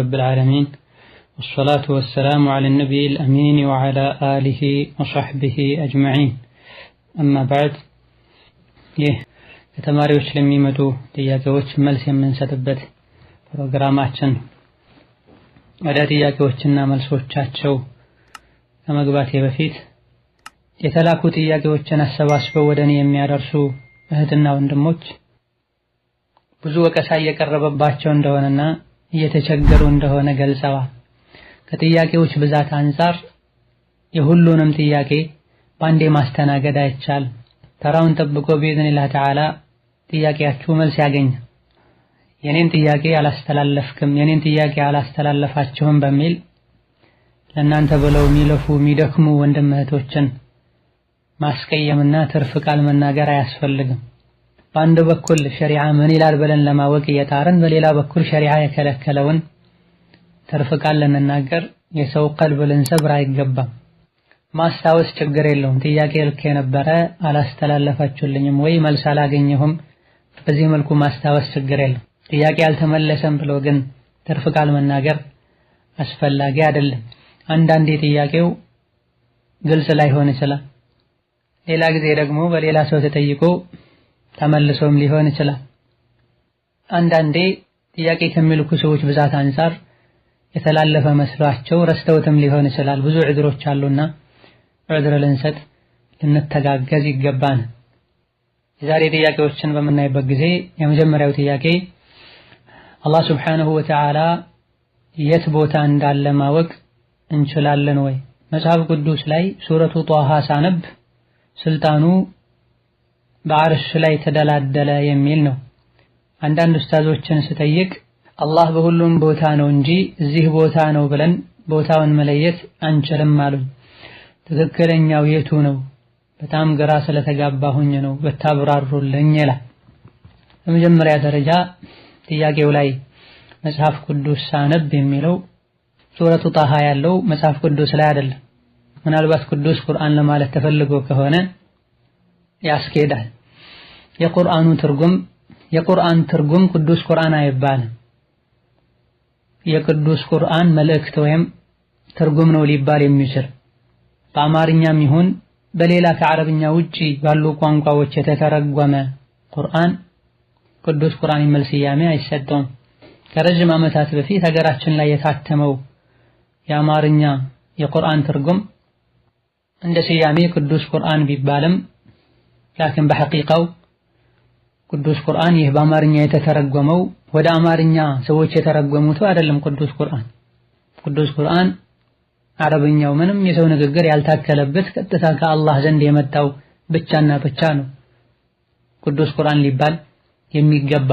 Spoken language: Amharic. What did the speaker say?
رب ዓለሚን والصلاة والسلام على النبي الأمين وعلى آله وصحبه أجمعين أما بعد ይህ ከተማሪዎች ለሚመጡ ጥያቄዎች መልስ የምንሰጥበት ፕሮግራማችን ወደ ጥያቄዎችና መልሶቻቸው ከመግባቴ በፊት የተላኩ ጥያቄዎችን አሰባስበው ወደ እኔ የሚያደርሱ እህትና ወንድሞች ብዙ ወቀሳ እየቀረበባቸው እንደሆነና እየተቸገሩ እንደሆነ ገልጸዋል። ከጥያቄዎች ብዛት አንጻር የሁሉንም ጥያቄ በአንዴ ማስተናገድ አይቻልም። ተራውን ጠብቆ ቢኢዝኒላህ ተዓላ ጥያቄያችሁ መልስ ያገኛል። የኔን ጥያቄ አላስተላለፍክም፣ የኔን ጥያቄ አላስተላለፋችሁም በሚል ለእናንተ ብለው የሚለፉ የሚደክሙ ወንድም እህቶችን ማስቀየምና ትርፍ ቃል መናገር አያስፈልግም። በአንድ በኩል ሸሪዓ ምን ይላል ብለን ለማወቅ እየጣርን በሌላ በኩል ሸሪዓ የከለከለውን ትርፍ ቃል ልንናገር የሰው ቀልብ ልንሰብር አይገባም። ማስታወስ ችግር የለውም። ጥያቄ ልክ የነበረ አላስተላለፋችሁልኝም ወይ መልስ አላገኘሁም። በዚህ መልኩ ማስታወስ ችግር የለውም። ጥያቄ አልተመለሰም ብሎ ግን ትርፍ ቃል መናገር አስፈላጊ አይደለም። አንዳንዴ ጥያቄው ግልጽ ላይሆን ይችላል። ሌላ ጊዜ ደግሞ በሌላ ሰው ተጠይቆ ተመልሶም ሊሆን ይችላል። አንዳንዴ ጥያቄ ከሚልኩ ሰዎች ብዛት አንፃር የተላለፈ መስሏቸው ረስተውትም ሊሆን ይችላል። ብዙ ዕድሮች አሉና ዕድር ልንሰጥ ልንተጋገዝ ይገባን። የዛሬ ጥያቄዎችን በምናይበት ጊዜ የመጀመሪያው ጥያቄ አላህ ስብሓንሁ ወተዓላ የት ቦታ እንዳለ ማወቅ እንችላለን ወይ? መጽሐፍ ቅዱስ ላይ ሱረቱ ጧሃ ሳነብ ስልጣኑ በአርሽ ላይ ተደላደለ የሚል ነው። አንዳንድ ኡስታዞችን ስጠይቅ አላህ በሁሉም ቦታ ነው እንጂ እዚህ ቦታ ነው ብለን ቦታውን መለየት አንችልም አሉኝ። ትክክለኛው የቱ ነው? በጣም ግራ ስለተጋባሁኝ ነው ብታብራሩልኝ ይላል። በመጀመሪያ ደረጃ ጥያቄው ላይ መጽሐፍ ቅዱስ ሳነብ የሚለው ሱረቱ ጣሃ ያለው መጽሐፍ ቅዱስ ላይ አይደለም። ምናልባት ቅዱስ ቁርአን ለማለት ተፈልጎ ከሆነ ያስኬዳል። የቁርአኑ ትርጉም የቁርአን ትርጉም ቅዱስ ቁርአን አይባልም። የቅዱስ ቁርአን መልእክት ወይም ትርጉም ነው ሊባል የሚችል በአማርኛም ይሁን በሌላ ከአረብኛ ውጪ ባሉ ቋንቋዎች የተተረጎመ ቁርአን ቅዱስ ቁርአን የሚል ስያሜ አይሰጠውም። ከረጅም ዓመታት በፊት ሀገራችን ላይ የታተመው የአማርኛ የቁርአን ትርጉም እንደ ስያሜ ቅዱስ ቁርአን ቢባልም ላኪን በሐቂቃው ቅዱስ ቁርአን ይህ በአማርኛ የተተረጎመው ወደ አማርኛ ሰዎች የተረጎሙት አይደለም። ቅዱስ ቁርአን ቅዱስ ቁርአን አረብኛው ምንም የሰው ንግግር ያልታከለበት ቀጥታ ከአላህ ዘንድ የመጣው ብቻና ብቻ ነው ቅዱስ ቁርአን ሊባል የሚገባ